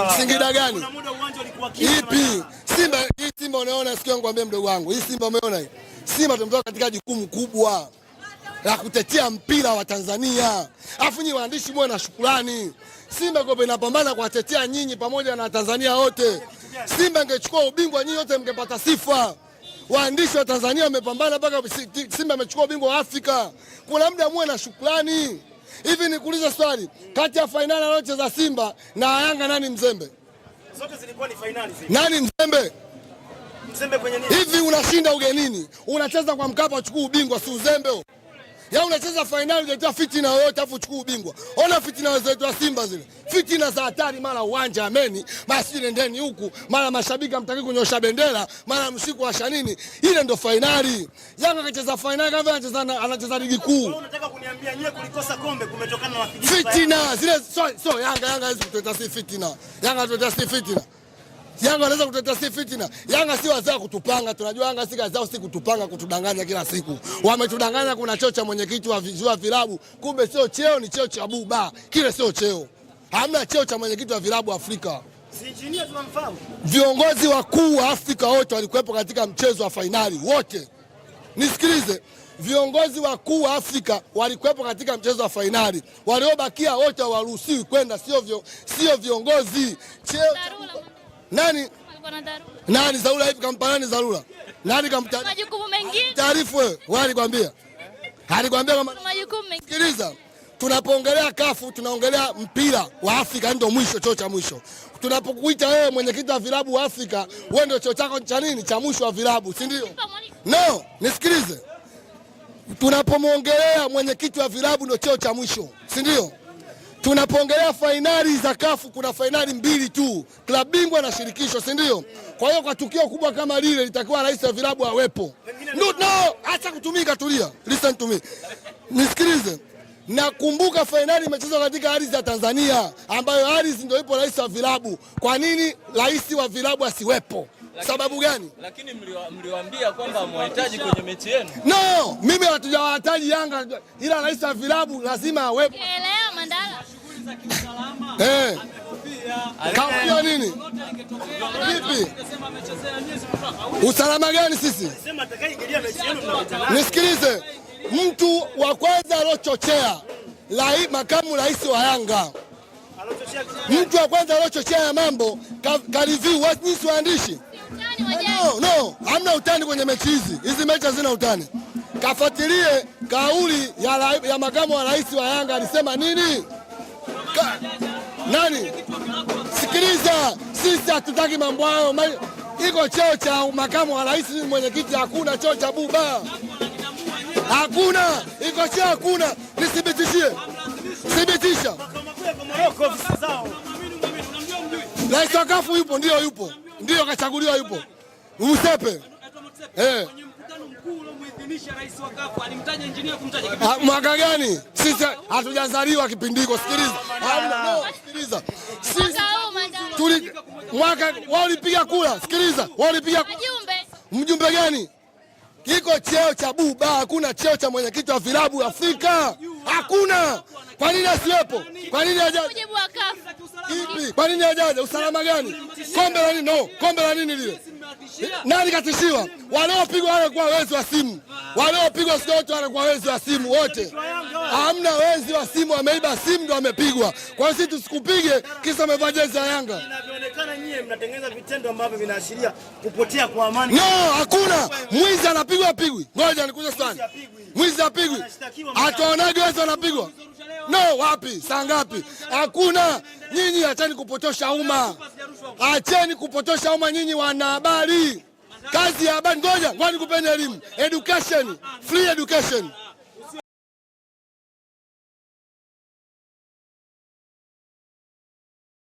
Singida gani? Ipi? Simba hii Simba unaona sikio ngwambie mdogo wangu. Hii Simba umeona hii. Simba tumetoka katika jukumu kubwa la kutetea mpira wa Tanzania. Alafu nyinyi waandishi mwe na shukrani. Simba kwa inapambana kuwatetea nyinyi pamoja na Tanzania wote. Simba ingechukua ubingwa nyinyi wote mngepata sifa. Waandishi wa Tanzania wamepambana mpaka Simba amechukua ubingwa wa Afrika. Kuna muda mwe na shukrani. Hivi nikuulize swali, kati ya fainali aliocheza Simba na Yanga nani mzembe? Zote zilikuwa ni fainali. Nani mzembe? Mzembe kwenye nini? Hivi unashinda ugenini, unacheza kwa Mkapa, uchukue ubingwa, si uzembe? ya unacheza fainali unaletea fitina yoyote afu chukua ubingwa. Ona fitina zetu wa Simba zile, fitina za hatari, mara uwanja ameni, basi nendeni huku, mara mashabiki hamtaki kunyosha bendera, mara msiku wa shanini. Ile ndo fainali. Yanga kacheza fainali kama anacheza anacheza ligi kuu. Unataka kuniambia nyewe kulikosa kombe kumetokana na fitina zile? So, so Yanga Yanga hizo tutaita si fitina, Yanga tutaita si fitina Yanga anaweza kutetea si fitina. Yanga si wazao kutupanga, tunajua Yanga si wazao si kutupanga, kutudanganya kila siku. Wametudanganya kuna cheo cha mwenyekiti wa vizua vilabu, kumbe sio cheo, ni cheo cha buba. Kile sio cheo, hamna cheo cha mwenyekiti wa vilabu Afrika. Si tunamfahamu. Viongozi wakuu wa Afrika wote walikuwepo katika mchezo wa fainali wote, nisikilize. Viongozi wakuu wa Afrika walikuwepo katika mchezo wa fainali, waliobakia wote hawaruhusiwi kwenda, sio viongozi cheo nani? Nani Zarura hivi kampa nani Zarura? Nani kampa? Majukumu mengine. Taarifu wewe, wewe alikwambia. Alikwambia kama majukumu mengine. Sikiliza. Tunapoongelea kafu tunaongelea mpira wa Afrika ndio mwisho choo cha mwisho. Tunapokuita wewe mwenyekiti wa vilabu wa Afrika, wewe ndio choo chako cha nini? Cha mwisho wa vilabu, si ndio? No, nisikilize. Tunapomwongelea mwenyekiti wa vilabu ndio choo cha mwisho, si ndio? tunapoongelea fainali za kafu kuna fainali mbili tu, klabu bingwa na shirikisho, si ndio? Kwa hiyo kwa tukio kubwa kama lile litakiwa rais wa vilabu awepo. No, no, acha kutumika, tulia. Listen to me. Nisikilize. Nakumbuka fainali imechezwa katika ardhi ya Tanzania ambayo ardhi ndio ipo rais wa vilabu. Kwa nini rais wa vilabu asiwepo? Lakini, sababu gani? Lakini mliwaambia kwamba mwahitaji kwenye mechi yenu. No, mimi hatujawahitaji Yanga, ila rais wa vilabu lazima awepo. Eh. nini? Vipi? Usalama gani sisi? Nisikilize. Mtu wa kwanza aliochochea makamu rais wa Yanga, mtu wa kwanza aliochochea ya mambo kariviu nyinsi waandishi. No, no, hamna utani kwenye mechi hizi. Hizi mechi hazina utani. Kafuatilie kauli ya, ya makamu wa rais wa Yanga alisema nini? nani? Sikiliza, sisi hatutaki mambo hayo. Iko cheo cha makamu wa rais, mwenyekiti, hakuna cheo cha buba, hakuna iko cheo, hakuna. Nisibitishie, sibitisha. Rais kafu yupo, ndio yupo, ndio kachaguliwa, yupo usepe eh kumwadhimisha rais wa kafu alimtaja injinia kumtaja ah, kipindi. Mwaka gani? Sisi hatujazaliwa kipindi hiko. Sikiliza. No, sikiliza. Sisi tuli mwaka wao ulipiga kura. Sikiliza. Wao ulipiga mjumbe. Mjumbe gani? Kiko cheo cha buba, hakuna cheo cha mwenyekiti wa vilabu Afrika. Hakuna. Kwa nini asiwepo? Kwa nini hajaje? Ipi? Kwa nini hajaje? Usalama gani? Kombe la nini? No, kombe la nini lile? Nani katishiwa? waliopigwa wale kwa wezi wa simu. waliopigwa sio wote wale kwa wezi wa simu wote. Hamna wezi wa simu, ameiba simu ndo amepigwa. Kwa hiyo sisi tusikupige kisa amevaa jezi ya Yanga. Inavyoonekana nyie mnatengeneza vitendo ambavyo vinaashiria kupotea kwa amani. No, hakuna mwizi anapigwa apigwi. Ngoja nikuja sana. Mwizi apigwi. Hatuonaje wezi wanapigwa? No, wapi? Saa ngapi? Hakuna. Nyinyi acheni kupotosha umma, acheni kupotosha umma. Nyinyi wanahabari, kazi ya habari. Ngoja ngoja nikupeni elimu, education, free education.